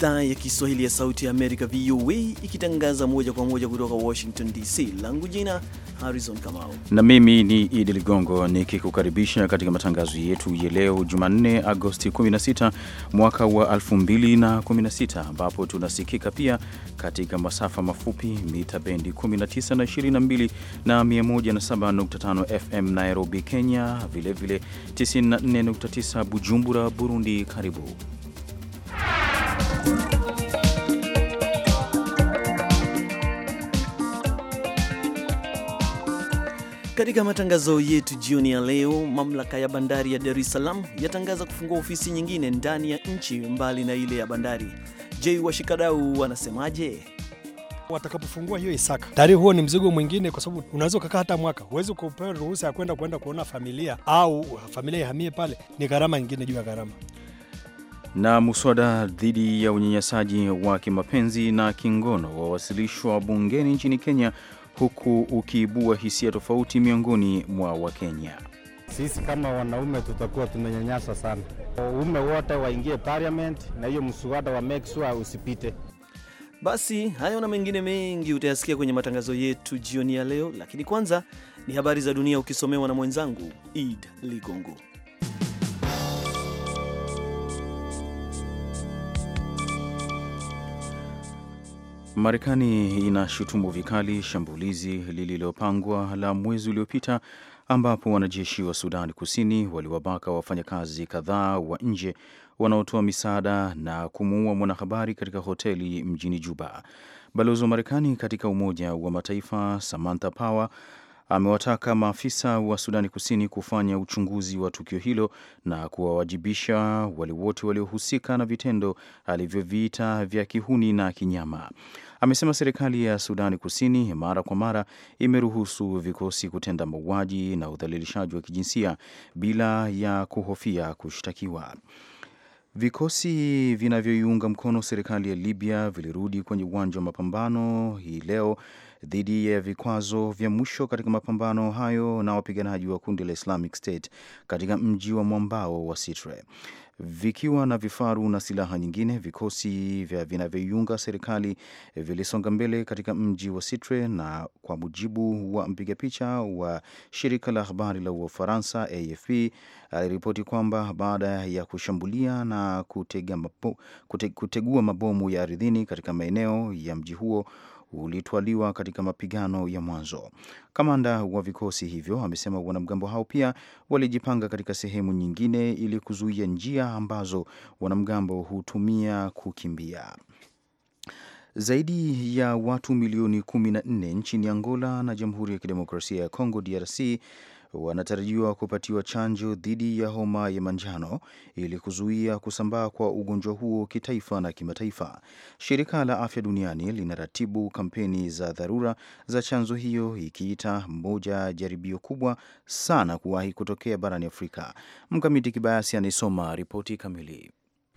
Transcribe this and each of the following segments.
idhaa ya Kiswahili ya Sauti ya Amerika, VOA, ikitangaza moja kwa moja kutoka Washington DC. Langu jina Harrison Kamau na mimi ni Idi Ligongo nikikukaribisha katika matangazo yetu ya leo Jumanne, Agosti 16 mwaka wa 2016, ambapo tunasikika pia katika masafa mafupi mita bendi 19 na 22 na 107.5 FM Nairobi, Kenya, vilevile 94.9 Bujumbura, Burundi. Karibu katika matangazo yetu jioni ya leo, mamlaka ya bandari ya Dar es Salaam yatangaza kufungua ofisi nyingine ndani ya nchi mbali na ile ya bandari. Je, washikadau wanasemaje? Watakapofungua hiyo Isaka tayari, huo ni mzigo mwingine, kwa sababu unaweza ukakaa hata mwaka, huwezi kupewa ruhusa ya kwenda kuenda kuona familia au familia ihamie pale. Ni gharama nyingine juu ya gharama. Na muswada dhidi ya unyanyasaji wa kimapenzi na kingono wawasilishwa bungeni nchini Kenya, huku ukiibua hisia tofauti miongoni mwa Wakenya. Sisi kama wanaume tutakuwa tumenyanyasa sana, waume wote waingie parliament na hiyo mswada wa make sure usipite. Basi hayo na mengine mengi utayasikia kwenye matangazo yetu jioni ya leo, lakini kwanza ni habari za dunia ukisomewa na mwenzangu Id Ligongo. Marekani inashutumu vikali shambulizi lililopangwa la mwezi uliopita ambapo wanajeshi wa Sudan Kusini waliwabaka wafanyakazi kadhaa wa nje wanaotoa misaada na kumuua mwanahabari katika hoteli mjini Juba. Balozi wa Marekani katika Umoja wa Mataifa Samantha Power amewataka maafisa wa Sudani Kusini kufanya uchunguzi wa tukio hilo na kuwawajibisha wale wote waliohusika na vitendo alivyoviita vya kihuni na kinyama. Amesema serikali ya Sudani Kusini mara kwa mara imeruhusu vikosi kutenda mauaji na udhalilishaji wa kijinsia bila ya kuhofia kushtakiwa. Vikosi vinavyoiunga mkono serikali ya Libya vilirudi kwenye uwanja wa mapambano hii leo dhidi ya vikwazo vya mwisho katika mapambano hayo na wapiganaji wa kundi la Islamic State katika mji wa mwambao wa Sitre. Vikiwa na vifaru na silaha nyingine, vikosi vya vinavyoiunga serikali vilisonga mbele katika mji wa Sitre, na kwa mujibu wa mpiga picha wa shirika la habari la Ufaransa AFP aliripoti kwamba baada ya kushambulia na kutega mapo, kute, kutegua mabomu ya ardhini katika maeneo ya mji huo ulitwaliwa katika mapigano ya mwanzo. Kamanda wa vikosi hivyo amesema wanamgambo hao pia walijipanga katika sehemu nyingine ili kuzuia njia ambazo wanamgambo hutumia kukimbia. Zaidi ya watu milioni 14 nchini Angola na Jamhuri ya Kidemokrasia ya Kongo DRC wanatarajiwa kupatiwa chanjo dhidi ya homa ya manjano ili kuzuia kusambaa kwa ugonjwa huo kitaifa na kimataifa. Shirika la Afya Duniani linaratibu kampeni za dharura za chanjo hiyo, ikiita moja jaribio kubwa sana kuwahi kutokea barani Afrika. Mkamiti Kibayasi anaisoma ripoti kamili.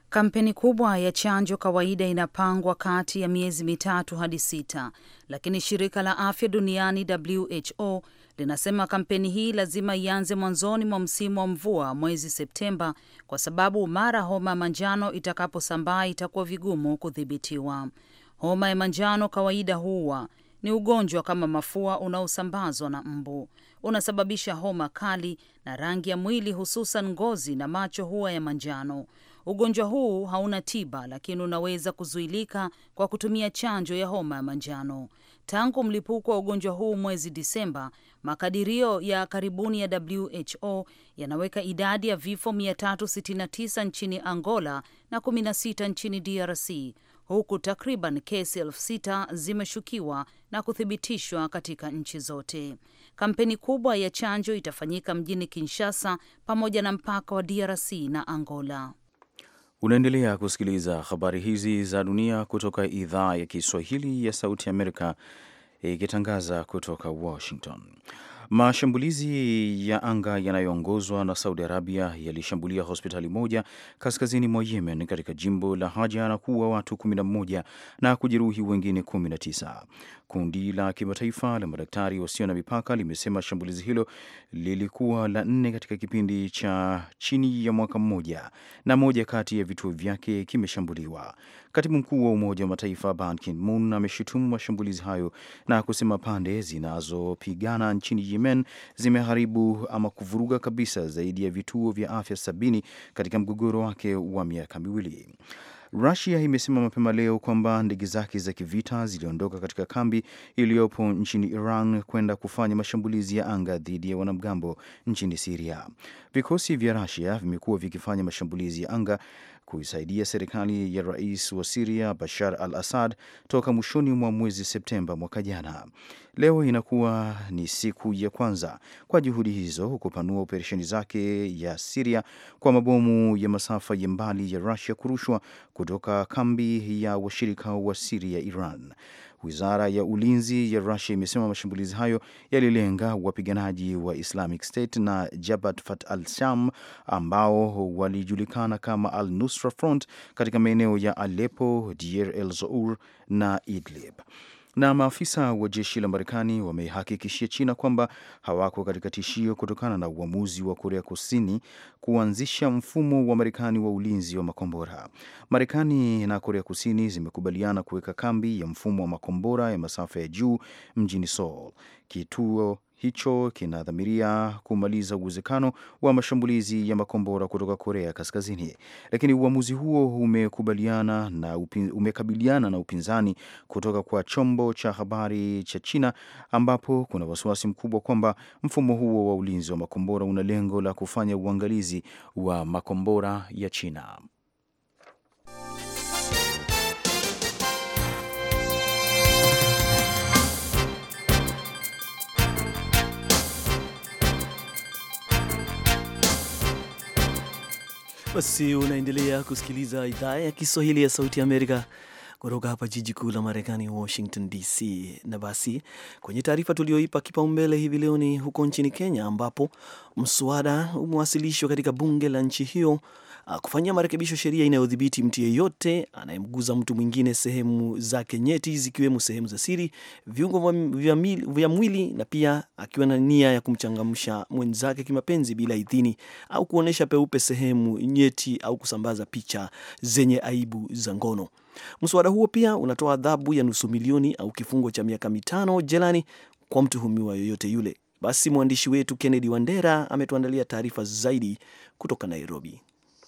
Kampeni kubwa ya chanjo kawaida inapangwa kati ya miezi mitatu hadi sita, lakini shirika la afya duniani WHO linasema kampeni hii lazima ianze mwanzoni mwa msimu wa mvua mwezi Septemba, kwa sababu mara homa ya manjano itakaposambaa itakuwa vigumu kudhibitiwa. Homa ya manjano kawaida huwa ni ugonjwa kama mafua unaosambazwa na mbu. Unasababisha homa kali na rangi ya mwili, hususan ngozi na macho, huwa ya manjano. Ugonjwa huu hauna tiba, lakini unaweza kuzuilika kwa kutumia chanjo ya homa ya manjano. Tangu mlipuko wa ugonjwa huu mwezi Disemba, Makadirio ya karibuni ya WHO yanaweka idadi ya vifo 369 nchini Angola na 16 nchini DRC huku takriban kesi 6000 zimeshukiwa na kuthibitishwa katika nchi zote. Kampeni kubwa ya chanjo itafanyika mjini Kinshasa pamoja na mpaka wa DRC na Angola. Unaendelea kusikiliza habari hizi za dunia kutoka idhaa ya Kiswahili ya Sauti Amerika ikitangaza kutoka Washington. Mashambulizi ya anga yanayoongozwa na Saudi Arabia yalishambulia hospitali moja kaskazini mwa Yemen katika jimbo la Haja na kuua watu 11 na kujeruhi wengine 19. Kundi la kimataifa la madaktari wasio na mipaka limesema shambulizi hilo lilikuwa la nne katika kipindi cha chini ya mwaka mmoja na moja kati ya vituo vyake kimeshambuliwa. Katibu mkuu wa Umoja wa Mataifa Ban Ki-moon ameshutumu mashambulizi hayo na kusema pande zinazopigana nchini Yemen zimeharibu ama kuvuruga kabisa zaidi ya vituo vya afya sabini katika mgogoro wake wa miaka miwili. Rusia imesema mapema leo kwamba ndege zake za kivita ziliondoka katika kambi iliyopo nchini Iran kwenda kufanya mashambulizi ya anga dhidi ya wanamgambo nchini Siria. Vikosi vya Rusia vimekuwa vikifanya mashambulizi ya anga kuisaidia serikali ya rais wa Siria Bashar al Assad toka mwishoni mwa mwezi Septemba mwaka jana. Leo inakuwa ni siku ya kwanza kwa juhudi hizo kupanua operesheni zake ya Siria kwa mabomu ya masafa ya mbali ya Rusia kurushwa kutoka kambi ya washirika wa Siria Iran. Wizara ya ulinzi ya Rusia imesema mashambulizi hayo yalilenga wapiganaji wa Islamic State na Jabhat Fat al Sham ambao walijulikana kama al Nusra Front katika maeneo ya Alepo, Deir el Zour na Idlib na maafisa wa jeshi la Marekani wamehakikishia China kwamba hawako katika tishio kutokana na uamuzi wa Korea Kusini kuanzisha mfumo wa Marekani wa ulinzi wa makombora. Marekani na Korea Kusini zimekubaliana kuweka kambi ya mfumo wa makombora ya masafa ya juu mjini Seoul. Kituo hicho kinadhamiria kumaliza uwezekano wa mashambulizi ya makombora kutoka Korea Kaskazini, lakini uamuzi huo umekubaliana na upin, umekabiliana na upinzani kutoka kwa chombo cha habari cha China, ambapo kuna wasiwasi mkubwa kwamba mfumo huo wa ulinzi wa makombora una lengo la kufanya uangalizi wa makombora ya China. Basi unaendelea kusikiliza idhaa ya Kiswahili ya Sauti Amerika kutoka hapa jiji kuu la Marekani, Washington DC. Na basi kwenye taarifa tulioipa kipaumbele hivi leo ni huko nchini Kenya, ambapo mswada umewasilishwa katika bunge la nchi hiyo Ah, kufanyia marekebisho sheria inayodhibiti mtu yeyote anayemguza mtu mwingine sehemu zake nyeti zikiwemo sehemu za siri, viungo vya mwili, na pia akiwa na nia ya kumchangamsha mwenzake kimapenzi bila idhini au kuonyesha peupe sehemu nyeti au kusambaza picha zenye aibu za ngono. Mswada huo pia unatoa adhabu ya nusu milioni au kifungo cha miaka mitano jelani kwa mtuhumiwa yoyote yule. Basi mwandishi wetu Kennedy Wandera ametuandalia taarifa zaidi kutoka Nairobi.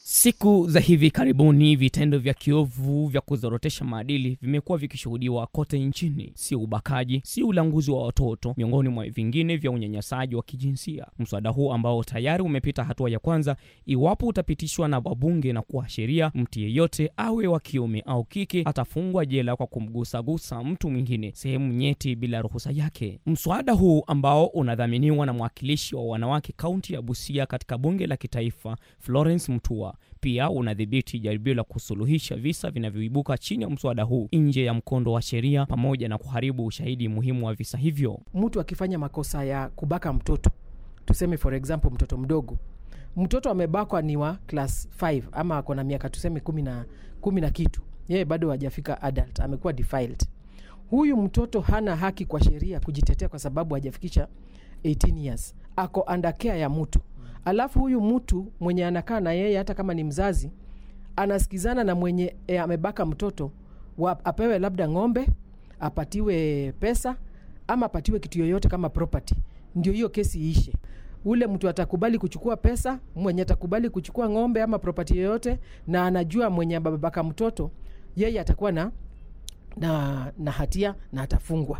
Siku za hivi karibuni vitendo vya kiovu vya kuzorotesha maadili vimekuwa vikishuhudiwa kote nchini, si ubakaji, si ulanguzi wa watoto, miongoni mwa vingine vya unyanyasaji wa kijinsia. Mswada huu ambao tayari umepita hatua ya kwanza, iwapo utapitishwa na wabunge na kuwa sheria, mtu yeyote awe wa kiume au kike atafungwa jela kwa kumgusagusa mtu mwingine sehemu nyeti bila ruhusa yake. Mswada huu ambao unadhaminiwa na mwakilishi wa wanawake kaunti ya Busia katika bunge la kitaifa Florence mtua pia unadhibiti jaribio la kusuluhisha visa vinavyoibuka chini ya mswada huu nje ya mkondo wa sheria, pamoja na kuharibu ushahidi muhimu wa visa hivyo. Mtu akifanya makosa ya kubaka mtoto, tuseme for example, mtoto mdogo, mtoto amebakwa ni wa class 5 ama ako na miaka tuseme kumi na, kumi na kitu, yeye bado hajafika adult, amekuwa defiled. Huyu mtoto hana haki kwa sheria kujitetea kwa sababu hajafikisha 18 years, ako under care ya mtu alafu huyu mtu mwenye anakaa na yeye hata kama ni mzazi anasikizana na mwenye e, amebaka mtoto wa, apewe labda ng'ombe apatiwe pesa ama apatiwe kitu yoyote kama property, ndio hiyo kesi iishe. Ule mtu atakubali kuchukua pesa, mwenye atakubali kuchukua ng'ombe ama property yoyote, na anajua mwenye babaka mtoto yeye atakuwa na, na, na hatia na atafungwa.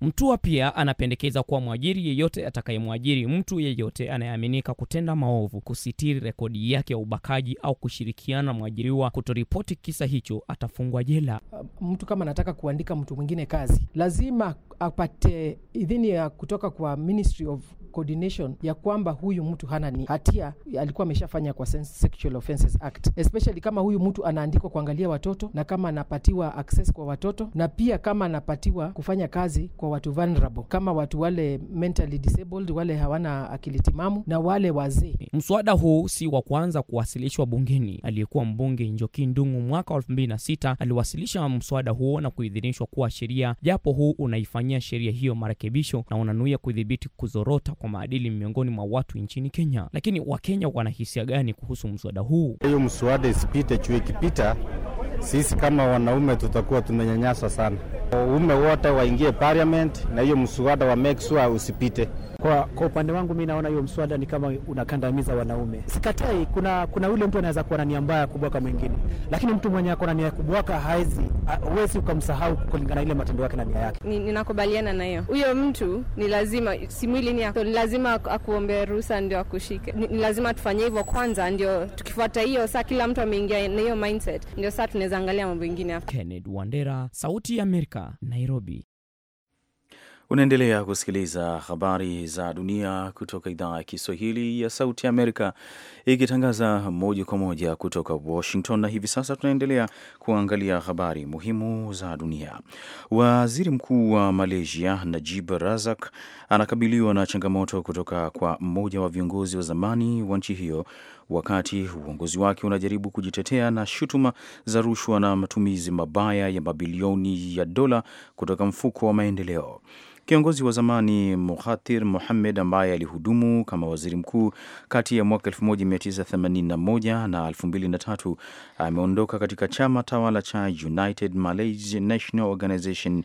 Mtua pia anapendekeza kuwa mwajiri yeyote atakayemwajiri mtu yeyote anayeaminika kutenda maovu, kusitiri rekodi yake ya ubakaji au kushirikiana na mwajiriwa kutoripoti kisa hicho atafungwa jela. Mtu kama anataka kuandika mtu mwingine kazi, lazima apate idhini ya kutoka kwa Ministry of Coordination ya kwamba huyu mtu hana ni hatia, alikuwa ameshafanya kwa Sexual Offences Act, especially kama huyu mtu anaandikwa kuangalia watoto na kama anapatiwa access kwa watoto na pia kama anapatiwa kufanya kazi kwa kwa watu vulnerable kama watu wale mentally disabled, wale hawana akili timamu na wale wazee. Mswada huu si wa kwanza kuwasilishwa bungeni. Aliyekuwa mbunge Njoki Ndung'u mwaka 2006 aliwasilisha mswada huo na kuidhinishwa kuwa sheria, japo huu unaifanyia sheria hiyo marekebisho na unanuia kudhibiti kuzorota kwa maadili miongoni mwa watu nchini Kenya. Lakini Wakenya wanahisia gani kuhusu mswada huu? Hiyo mswada isipite, chuo ikipita, sisi kama wanaume tutakuwa tumenyanyaswa sana. Waume wote waingie parliament na hiyo mswada wa make sure usipite. Kwa, kwa upande wangu mi naona hiyo mswada ni kama unakandamiza wanaume. Sikatai, kuna kuna yule mtu anaweza kuwa na nia mbaya ya kubwaka mwingine, lakini mtu mwenye ako na nia ya kubwaka hawezi huwezi ukamsahau kulingana ile matendo yake na nia yake. Ninakubaliana ni na hiyo, huyo mtu ni lazima si mwili ni yako, lazima akuombe ruhusa ndio akushike. Ni, ni lazima tufanye hivyo kwanza, ndio tukifuata hiyo saa kila mtu ameingia na hiyo mindset, ndio saa tunaweza angalia mambo mengine. Kenneth Wandera, Sauti ya Amerika, Nairobi. Unaendelea kusikiliza habari za dunia kutoka idhaa ya Kiswahili ya Sauti ya Amerika, ikitangaza moja kwa moja kutoka Washington. Na hivi sasa tunaendelea kuangalia habari muhimu za dunia. Waziri Mkuu wa Malaysia Najib Razak anakabiliwa na changamoto kutoka kwa mmoja wa viongozi wa zamani wa nchi hiyo wakati uongozi wake unajaribu kujitetea na shutuma za rushwa na matumizi mabaya ya mabilioni ya dola kutoka mfuko wa maendeleo. Kiongozi wa zamani muhatir muhamed ambaye alihudumu kama waziri mkuu kati ya mwaka 1981 na 2003 ameondoka katika chama tawala cha United Malaysian National Organization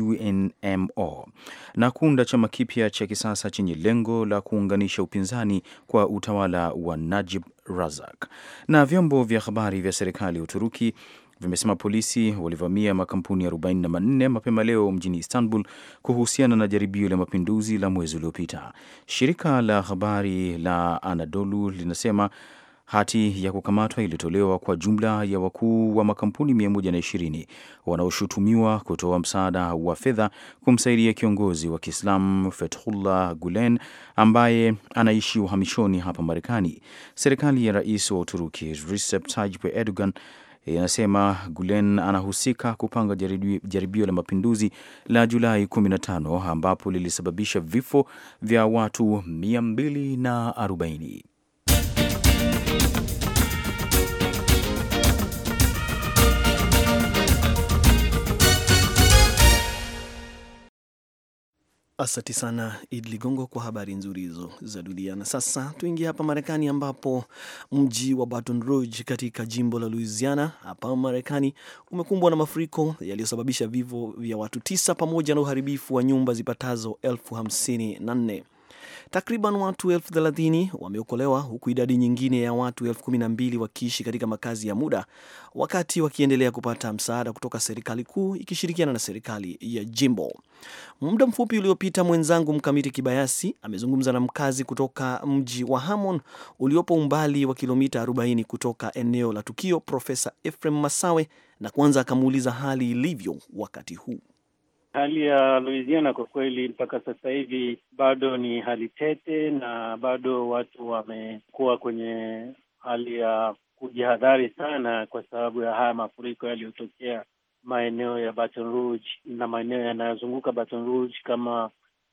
UNMO na kuunda chama kipya cha kisasa chenye lengo la kuunganisha upinzani kwa utawala wa Najib Razak. Na vyombo vya habari vya serikali ya Uturuki vimesema polisi walivamia makampuni 44 mapema leo mjini Istanbul kuhusiana na jaribio la mapinduzi la mwezi uliopita. Shirika la habari la Anadolu linasema hati ya kukamatwa ilitolewa kwa jumla ya wakuu wa makampuni 120 wanaoshutumiwa kutoa msaada wa fedha kumsaidia kiongozi wa Kiislamu Fethullah Gulen ambaye anaishi uhamishoni hapa Marekani. Serikali ya rais wa Uturuki Recep Tayyip Erdogan inasema eh, Gulen anahusika kupanga jaribio, jaribio la mapinduzi la Julai 15 ambapo lilisababisha vifo vya watu 240. Asante sana Id Ligongo kwa habari nzuri hizo za dunia. Na sasa tuingie hapa Marekani, ambapo mji wa Baton Rouge katika jimbo la Louisiana hapa Marekani umekumbwa na mafuriko yaliyosababisha vifo vya watu tisa pamoja na uharibifu wa nyumba zipatazo elfu hamsini na nne. Takriban watu elfu thelathini wameokolewa huku idadi nyingine ya watu elfu kumi na mbili wakiishi katika makazi ya muda wakati wakiendelea kupata msaada kutoka serikali kuu ikishirikiana na serikali ya jimbo. Muda mfupi uliopita, mwenzangu Mkamiti Kibayasi amezungumza na mkazi kutoka mji wa Hamon uliopo umbali wa kilomita 40 kutoka eneo la tukio, Profesa Ephraim Masawe, na kwanza akamuuliza hali ilivyo wakati huu. Hali ya Louisiana kwa kweli mpaka sasa hivi bado ni hali tete, na bado watu wamekuwa kwenye hali ya kujihadhari sana kwa sababu ya haya mafuriko yaliyotokea maeneo ya Baton Rouge na maeneo yanayozunguka Baton Rouge kama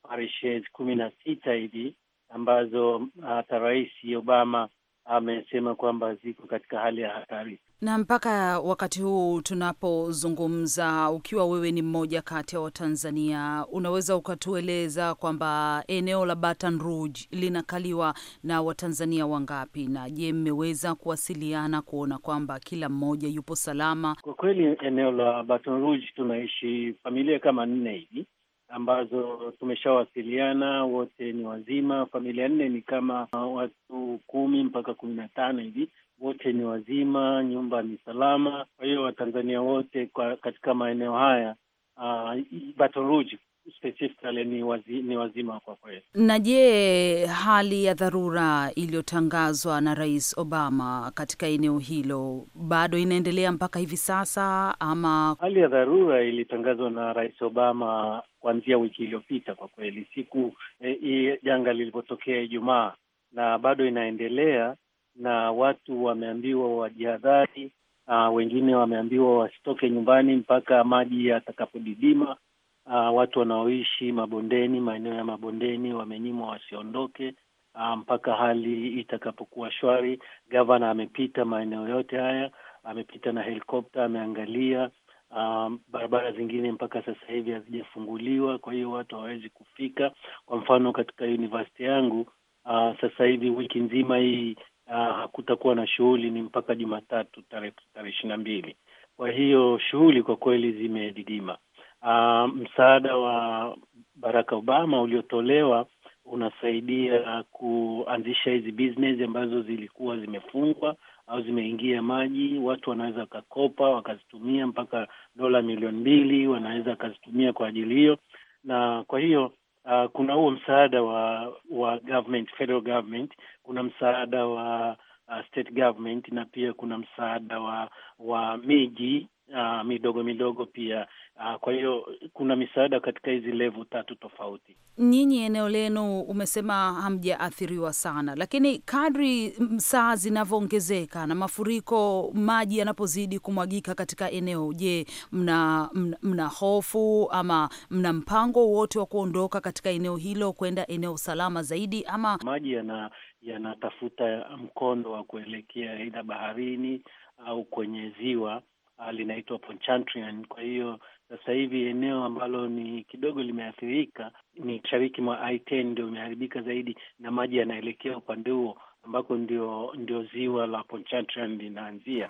parishes kumi na sita hivi ambazo hata Rais Obama amesema kwamba ziko katika hali ya hatari na mpaka wakati huu tunapozungumza, ukiwa wewe ni mmoja kati ya Watanzania, unaweza ukatueleza kwamba eneo la Baton Rouge linakaliwa na Watanzania wangapi? Na je, mmeweza kuwasiliana kuona kwamba kila mmoja yupo salama? Kwa kweli eneo la Baton Rouge tunaishi familia kama nne hivi ambazo tumeshawasiliana, wote ni wazima. Familia nne ni kama uh, watu kumi mpaka kumi na tano hivi wote ni wazima, nyumba ni salama. Kwa hiyo Watanzania wote kwa katika maeneo haya uh, Baton Rouge specifically ni, wazi, ni wazima kwa kweli. Na je, hali ya dharura iliyotangazwa na Rais Obama katika eneo hilo bado inaendelea mpaka hivi sasa ama? Hali ya dharura ilitangazwa na Rais Obama kuanzia wiki iliyopita kwa kweli, siku eh, janga e, e, lilipotokea Ijumaa na bado inaendelea na watu wameambiwa wajihadhari. Uh, wengine wameambiwa wasitoke nyumbani mpaka maji yatakapodidima. Uh, watu wanaoishi mabondeni, maeneo ya mabondeni wamenyimwa wasiondoke uh, mpaka hali itakapokuwa shwari. Gavana amepita maeneo yote haya, amepita na helikopta, ameangalia. um, barabara zingine mpaka sasa hivi hazijafunguliwa, kwa hiyo watu hawawezi kufika. Kwa mfano katika yunivasiti yangu uh, sasa hivi wiki nzima hii hakutakuwa na shughuli ni mpaka Jumatatu tarehe tarehe ishirini na mbili. Kwa hiyo shughuli kwa kweli zimedidima. Ah, msaada wa Barack Obama uliotolewa unasaidia kuanzisha hizi business ambazo zilikuwa zimefungwa au zimeingia maji. Watu wanaweza wakakopa wakazitumia mpaka dola milioni mbili, wanaweza wakazitumia kwa ajili hiyo, na kwa hiyo uh, kuna huo msaada wa wa government, federal government, kuna msaada wa uh, state government na pia kuna msaada wa wa miji uh, midogo midogo pia uh, kwa hiyo kuna misaada katika hizi levu tatu tofauti. Nyinyi eneo lenu umesema hamjaathiriwa sana, lakini kadri saa zinavyoongezeka na mafuriko, maji yanapozidi kumwagika katika eneo, je, mna, mna, mna hofu ama mna mpango wote wa kuondoka katika eneo hilo kwenda eneo salama zaidi? Ama maji yana yanatafuta mkondo wa kuelekea aidha baharini au kwenye ziwa Ah, linaitwa Pontchartrain. Kwa hiyo sasa hivi eneo ambalo ni kidogo limeathirika ni mashariki mwa I-10, ndio imeharibika zaidi, na maji yanaelekea upande huo ambako ndio, ndio ziwa la Pontchartrain linaanzia.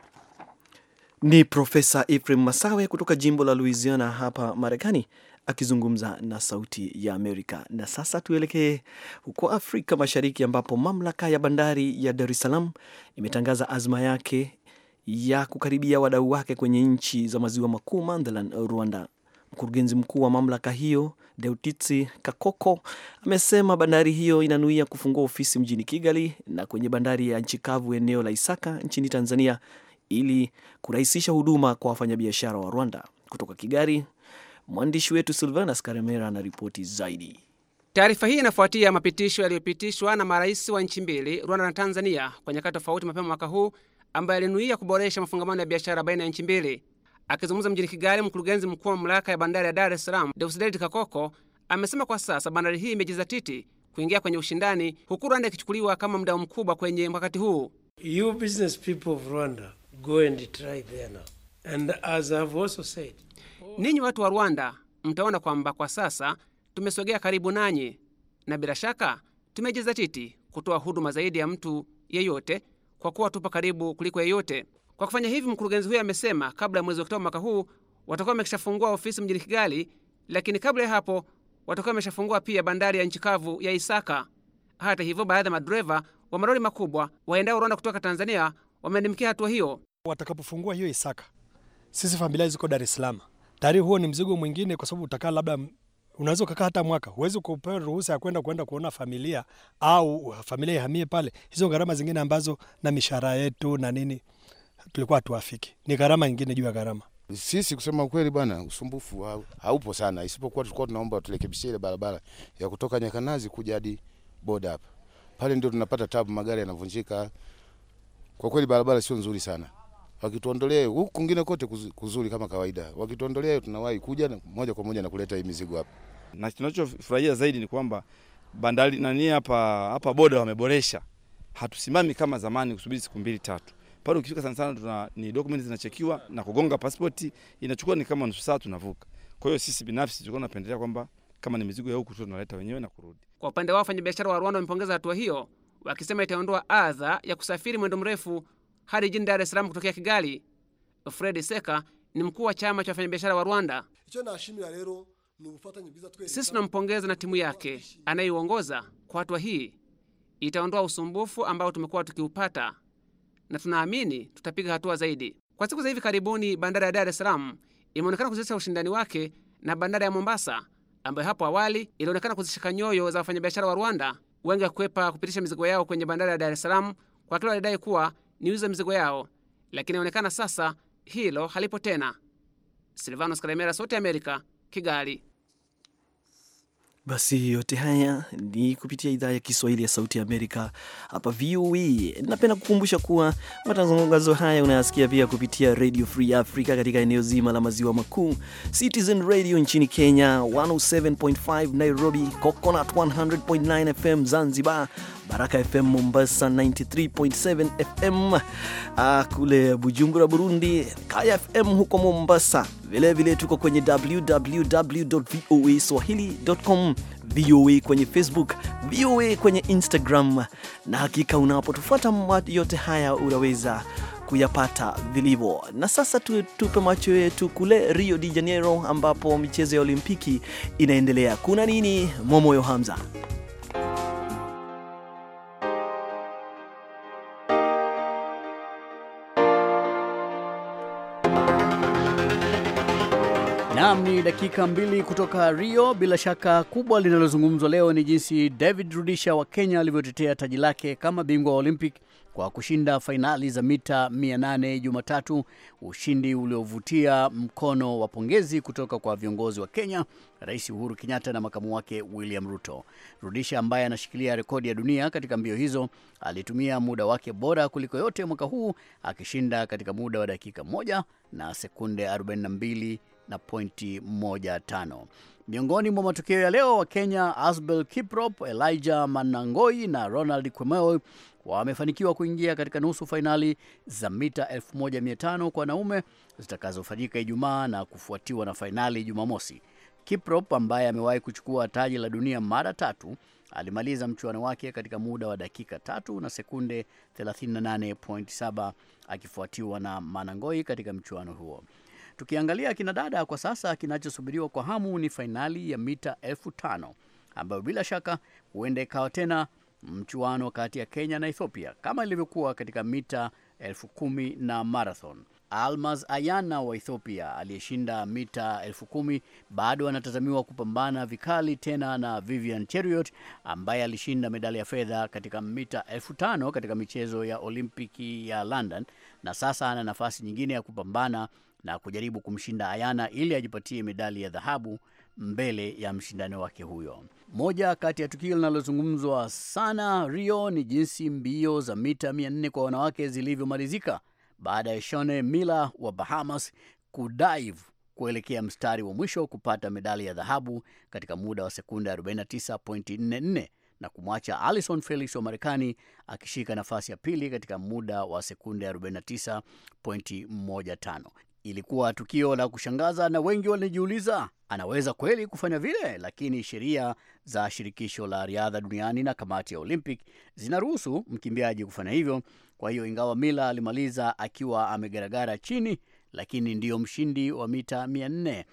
Ni Profesa Ephraim Masawe kutoka jimbo la Louisiana hapa Marekani akizungumza na Sauti ya Amerika. Na sasa tuelekee huko Afrika Mashariki, ambapo mamlaka ya bandari ya Dar es Salaam imetangaza azma yake ya kukaribia wadau wake kwenye nchi za maziwa makuu Mandhalan, Rwanda. Mkurugenzi mkuu wa mamlaka hiyo Deutitsi Kakoko amesema bandari hiyo inanuia kufungua ofisi mjini Kigali na kwenye bandari ya nchi kavu eneo la Isaka nchini Tanzania ili kurahisisha huduma kwa wafanyabiashara wa Rwanda. Kutoka Kigali, mwandishi wetu Silvanus Karemera anaripoti zaidi. Taarifa hii inafuatia mapitisho yaliyopitishwa na marais wa nchi mbili Rwanda na Tanzania kwa nyakati tofauti mapema mwaka huu ambaye alinuia kuboresha mafungamano ya biashara baina ya nchi mbili. Akizungumza mjini Kigali, mkurugenzi mkuu wa mamlaka ya bandari ya Dar es Salaam Deusdedit Kakoko amesema kwa sasa bandari hii imejizatiti kuingia kwenye ushindani, huku Rwanda ikichukuliwa kama mdau mkubwa kwenye mkakati huu. ninyi watu wa Rwanda mtaona kwamba kwa sasa tumesogea karibu nanyi, na bila shaka tumejizatiti kutoa huduma zaidi ya mtu yeyote kwa kuwa tupo karibu kuliko yeyote. Kwa kufanya hivi, mkurugenzi huyo amesema kabla ya mwezi Oktoba mwaka huu watakuwa wameshafungua ofisi mjini Kigali, lakini kabla ya hapo watakuwa wameshafungua pia bandari ya nchi kavu ya Isaka. Hata hivyo, baadhi ya madereva wa malori makubwa waendao Rwanda kutoka Tanzania wameandimikia hatua hiyo. Watakapofungua hiyo Isaka, sisi familia ziko Dar es Salaam, tayari huo ni mzigo mwingine, kwa sababu utakaa labda unaweza ukakaa hata mwaka, huwezi kupewa ruhusa ya kwenda kwenda kuona familia au uh, familia ihamie pale. Hizo gharama zingine ambazo na mishahara yetu na nini tulikuwa tuafiki, ni gharama nyingine juu ya gharama. Sisi kusema kweli bwana, usumbufu haupo sana, isipokuwa tulikuwa tunaomba tulekebishie ile barabara ya kutoka Nyakanazi kuja hadi boda hapa, pale ndio tunapata tabu, magari yanavunjika. Kwa kweli barabara sio nzuri sana wakituondolea hiyo, huku kwingine kote kuzuri kama kawaida. Wakituondolea hiyo, tunawahi kuja moja kwa moja na kuleta hii mizigo hapa, na tunachofurahia zaidi ni kwamba bandari nani hapa hapa boda wameboresha, hatusimami kama zamani kusubiri siku mbili tatu pale. Ukifika sana sana tuna ni documents zinachekiwa na kugonga passport, inachukua ni kama nusu saa tunavuka. Kwa hiyo sisi binafsi tulikuwa tunapendelea kwamba kama ni mizigo ya huku tu tunaleta wenyewe na kurudi. Kwa upande wao, wafanyabiashara wa Rwanda wamepongeza hatua hiyo, wakisema itaondoa adha ya kusafiri mwendo mrefu hadi jijini Dar es Salaam kutokea Kigali. fred Seka ni mkuu wa chama cha wafanyabiashara wa Rwanda. Sisi tunampongeza na timu yake anayeiongoza kwa hatua hii, itaondoa usumbufu ambao tumekuwa tukiupata na tunaamini tutapiga hatua zaidi. Kwa siku za hivi karibuni, bandari ya Dar es Salaam imeonekana kuzidisha ushindani wake na bandari ya Mombasa ambayo hapo awali ilionekana kuzishika nyoyo za wafanyabiashara wa Rwanda, wengi wakikwepa kupitisha mizigo yao kwenye bandari ya Dar es Salaam kwa kile walidai kuwa niuze mizigo yao, lakini inaonekana sasa hilo halipo tena. Silvanos Karemera, Sauti Amerika, Kigali. Basi yote haya ni kupitia idhaa ya Kiswahili ya Sauti ya Amerika hapa VOA. E. Napenda kukumbusha kuwa matangazo haya unayasikia pia kupitia Radio Free Africa katika eneo zima la maziwa makuu, Citizen Radio nchini Kenya 107.5 Nairobi, Coconut 100.9 FM Zanzibar, Baraka FM Mombasa 93.7 FM, ah, kule Bujumbura Burundi, Kaya FM huko Mombasa Vilevile vile tuko kwenye www voa swahili.com, VOA kwenye Facebook, VOA kwenye Instagram, na hakika unapotufuata yote haya unaweza kuyapata vilivyo. Na sasa tu, tupe macho yetu kule Rio de Janeiro ambapo michezo ya Olimpiki inaendelea. Kuna nini, Momoyo Hamza? Nam ni dakika mbili kutoka Rio. Bila shaka kubwa linalozungumzwa leo ni jinsi David Rudisha wa Kenya alivyotetea taji lake kama bingwa wa Olympic kwa kushinda fainali za mita 800 Jumatatu, ushindi uliovutia mkono wa pongezi kutoka kwa viongozi wa Kenya, Rais Uhuru Kenyatta na makamu wake William Ruto. Rudisha ambaye anashikilia rekodi ya dunia katika mbio hizo alitumia muda wake bora kuliko yote mwaka huu akishinda katika muda wa dakika moja na sekunde 42 na pointi 1.5. Miongoni mwa matokeo ya leo, Wakenya Asbel Kiprop, Elijah Manangoi na Ronald Kwemoe wamefanikiwa kuingia katika nusu fainali za mita 1500 kwa wanaume zitakazofanyika Ijumaa na kufuatiwa na fainali Jumamosi. Kiprop ambaye amewahi kuchukua taji la dunia mara tatu alimaliza mchuano wake katika muda wa dakika tatu na sekunde 38.7 akifuatiwa na Manangoi katika mchuano huo. Tukiangalia kina dada kwa sasa, kinachosubiriwa kwa hamu ni fainali ya mita elfu tano ambayo bila shaka huenda ikawa tena mchuano kati ya Kenya na Ethiopia kama ilivyokuwa katika mita elfu kumi na marathon. Almaz Ayana wa Ethiopia aliyeshinda mita elfu kumi bado anatazamiwa kupambana vikali tena na Vivian Cheruiyot ambaye alishinda medali ya fedha katika mita elfu tano katika michezo ya Olimpiki ya London na sasa ana nafasi nyingine ya kupambana na kujaribu kumshinda Ayana ili ajipatie medali ya dhahabu mbele ya mshindani wake huyo. Moja kati ya tukio linalozungumzwa sana Rio ni jinsi mbio za mita 400 kwa wanawake zilivyomalizika baada ya Shone Miller wa Bahamas kudive kuelekea mstari wa mwisho kupata medali ya dhahabu katika muda wa sekunde 49.44 na kumwacha Alison Felix wa Marekani akishika nafasi ya pili katika muda wa sekunde 49.15. Ilikuwa tukio la kushangaza na wengi walijiuliza anaweza kweli kufanya vile, lakini sheria za shirikisho la riadha duniani na kamati ya Olympic zinaruhusu mkimbiaji kufanya hivyo. Kwa hiyo, ingawa Mila alimaliza akiwa amegaragara chini, lakini ndiyo mshindi wa mita 400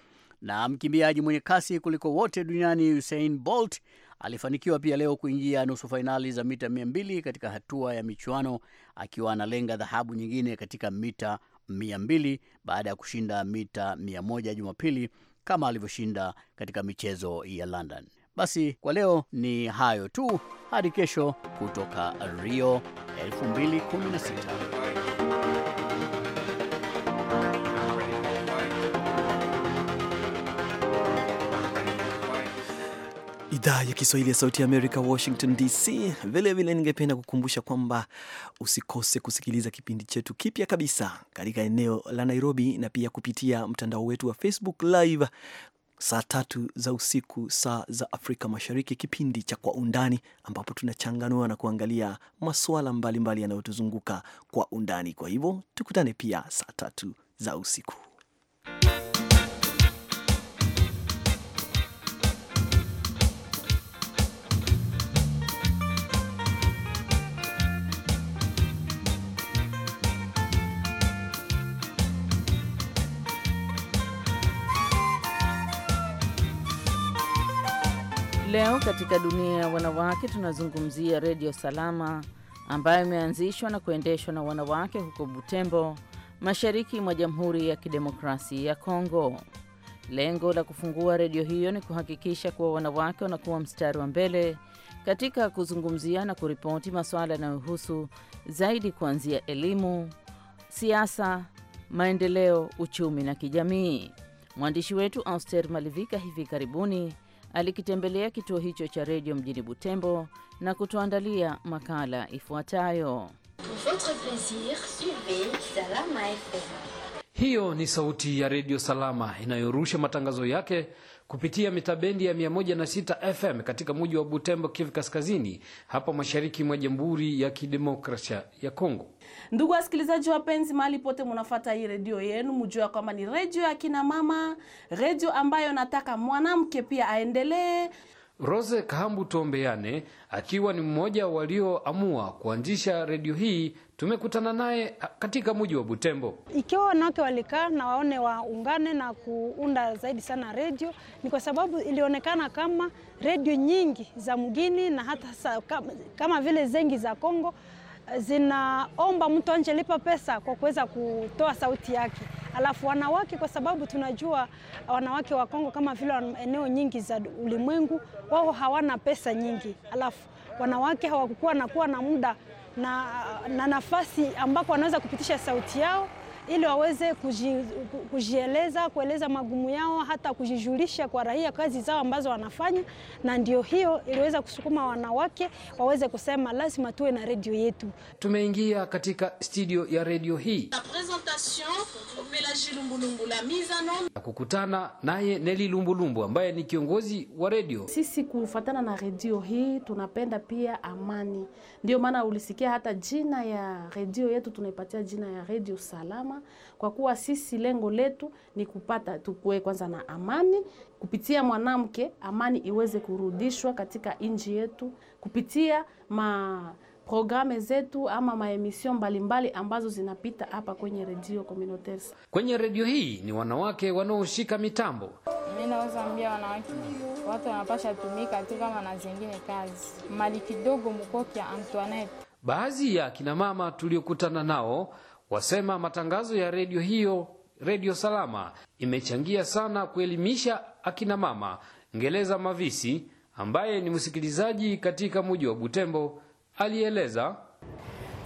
na mkimbiaji mwenye kasi kuliko wote duniani Usain Bolt alifanikiwa pia leo kuingia nusu fainali za mita 200 katika hatua ya michuano akiwa analenga dhahabu nyingine katika mita 200 baada ya kushinda mita 100 Jumapili kama alivyoshinda katika michezo ya London. Basi kwa leo ni hayo tu, hadi kesho kutoka Rio 2016. idhaa ya Kiswahili ya Sauti ya Amerika, Washington DC. Vilevile ningependa kukumbusha kwamba usikose kusikiliza kipindi chetu kipya kabisa katika eneo la Nairobi na pia kupitia mtandao wetu wa Facebook Live saa tatu za usiku saa za Afrika Mashariki, kipindi cha Kwa Undani ambapo tunachanganua na kuangalia masuala mbalimbali yanayotuzunguka kwa undani. Kwa hivyo tukutane pia saa tatu za usiku. Leo katika dunia ya wanawake tunazungumzia redio salama ambayo imeanzishwa na kuendeshwa na wanawake huko Butembo, mashariki mwa Jamhuri ya Kidemokrasia ya Kongo. Lengo la kufungua redio hiyo ni kuhakikisha kuwa wanawake wanakuwa mstari wa mbele katika kuzungumzia na kuripoti masuala yanayohusu zaidi kuanzia elimu, siasa, maendeleo, uchumi na kijamii. Mwandishi wetu Auster Malivika hivi karibuni alikitembelea kituo hicho cha redio mjini Butembo na kutuandalia makala ifuatayo. Hiyo ni sauti ya redio Salama inayorusha matangazo yake kupitia mitabendi ya 106 FM katika muji wa Butembo, Kivu Kaskazini, hapa mashariki mwa Jamhuri ya Kidemokrasia ya Kongo. Ndugu wasikilizaji wapenzi, mahali pote mnafata hii redio yenu, mjue kwamba ni redio ya kina mama, redio ambayo nataka mwanamke pia aendelee. Rose Kahambu Tombeyane akiwa ni mmoja walioamua kuanzisha redio hii, tumekutana naye katika mji wa Butembo. Ikiwa wanawake walikaa na waone waungane na kuunda zaidi sana redio, ni kwa sababu ilionekana kama redio nyingi za mgini na hata kama vile zengi za Kongo zinaomba mtu anjelipa pesa kwa kuweza kutoa sauti yake. Alafu wanawake, kwa sababu tunajua wanawake wa Kongo kama vile eneo nyingi za ulimwengu, wao hawana pesa nyingi, alafu wanawake hawakukuwa kuwa na muda na, na nafasi ambako wanaweza kupitisha sauti yao ili waweze kuji, kujieleza kueleza magumu yao, hata kujijulisha kwa raia kazi zao ambazo wanafanya, na ndio hiyo iliweza kusukuma wanawake waweze kusema lazima tuwe na redio yetu. Tumeingia katika studio ya redio hii na kukutana naye Neli Lumbulumbu ambaye ni kiongozi wa redio. Sisi kufatana na redio hii tunapenda pia amani, ndio maana ulisikia hata jina ya redio yetu tunaipatia jina ya redio Salama usalama, kwa kuwa sisi lengo letu ni kupata tukue kwanza na amani kupitia mwanamke, amani iweze kurudishwa katika nchi yetu kupitia ma programe zetu ama maemisio mbalimbali ambazo zinapita hapa kwenye redio communautaire. Kwenye redio hii ni wanawake wanaoshika mitambo. Mimi naweza ambia wanawake watu wanapasha tumika tu kama na zingine kazi mali kidogo mkoki Antoinette. Baadhi ya kina mama tuliokutana nao wasema matangazo ya redio hiyo Redio Salama imechangia sana kuelimisha akina mama. Ngeleza Mavisi ambaye ni msikilizaji katika muji wa Butembo alieleza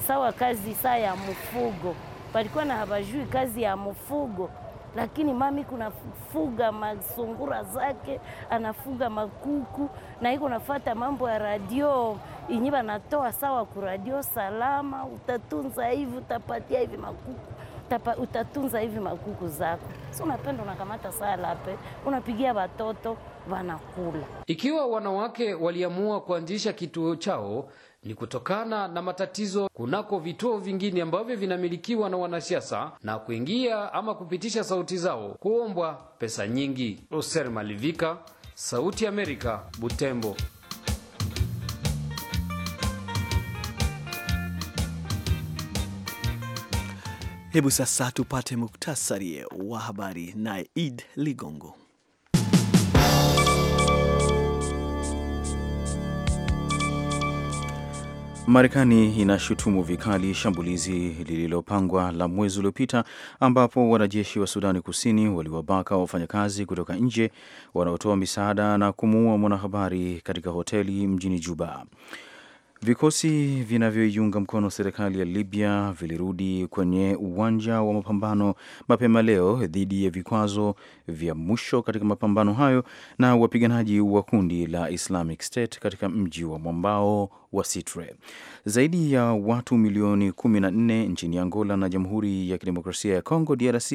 sawa kazi saa ya mfugo palikuwa na habajui kazi ya mfugo lakini mami kunafuga masungura zake, anafuga makuku na iko nafata mambo ya radio inyi banatoa sawa ku radio salama, utatunza hivi utapatia hivi makuku Tapa, utatunza hivi makuku zako, si unapenda unakamata saa lape unapigia watoto wanakula. Ikiwa wanawake waliamua kuanzisha kituo chao ni kutokana na matatizo kunako vituo vingine ambavyo vinamilikiwa na wanasiasa na kuingia ama kupitisha sauti zao kuombwa pesa nyingi. Oser Malivika, Sauti Amerika, Butembo. Hebu sasa tupate muktasari wa habari naye Id Ligongo. Marekani inashutumu vikali shambulizi lililopangwa la mwezi uliopita ambapo wanajeshi wa Sudani Kusini waliwabaka wafanyakazi kutoka nje wanaotoa misaada na kumuua mwanahabari katika hoteli mjini Juba. Vikosi vinavyoiunga mkono serikali ya Libya vilirudi kwenye uwanja wa mapambano mapema leo dhidi ya vikwazo vya mwisho katika mapambano hayo na wapiganaji wa kundi la Islamic State katika mji wa mwambao wa Sitre. Zaidi ya watu milioni 14 nchini Angola na Jamhuri ya Kidemokrasia ya Kongo DRC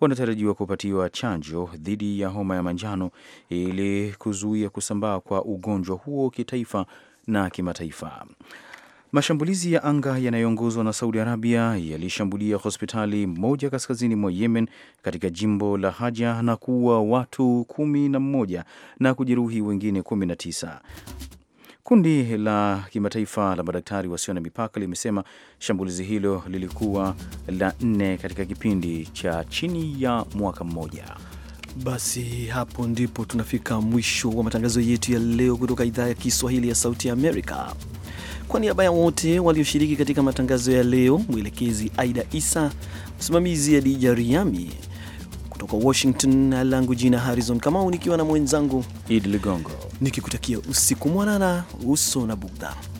wanatarajiwa kupatiwa chanjo dhidi ya homa ya manjano ili kuzuia kusambaa kwa ugonjwa huo kitaifa na kimataifa. Mashambulizi ya anga yanayoongozwa na Saudi Arabia yalishambulia hospitali moja kaskazini mwa Yemen katika jimbo la Haja na kuua watu kumi na mmoja na kujeruhi wengine kumi na tisa. Kundi la kimataifa la madaktari wasio na mipaka limesema shambulizi hilo lilikuwa la nne katika kipindi cha chini ya mwaka mmoja. Basi hapo ndipo tunafika mwisho wa matangazo yetu ya leo kutoka idhaa ya Kiswahili ya Sauti ya Amerika. Kwa niaba ya wote walioshiriki katika matangazo ya leo, mwelekezi Aida Isa, msimamizi Adija Riami kutoka Washington, langu jina Harrison Kamau, nikiwa na mwenzangu Idi Ligongo, nikikutakia usiku mwanana, uso na bugdha.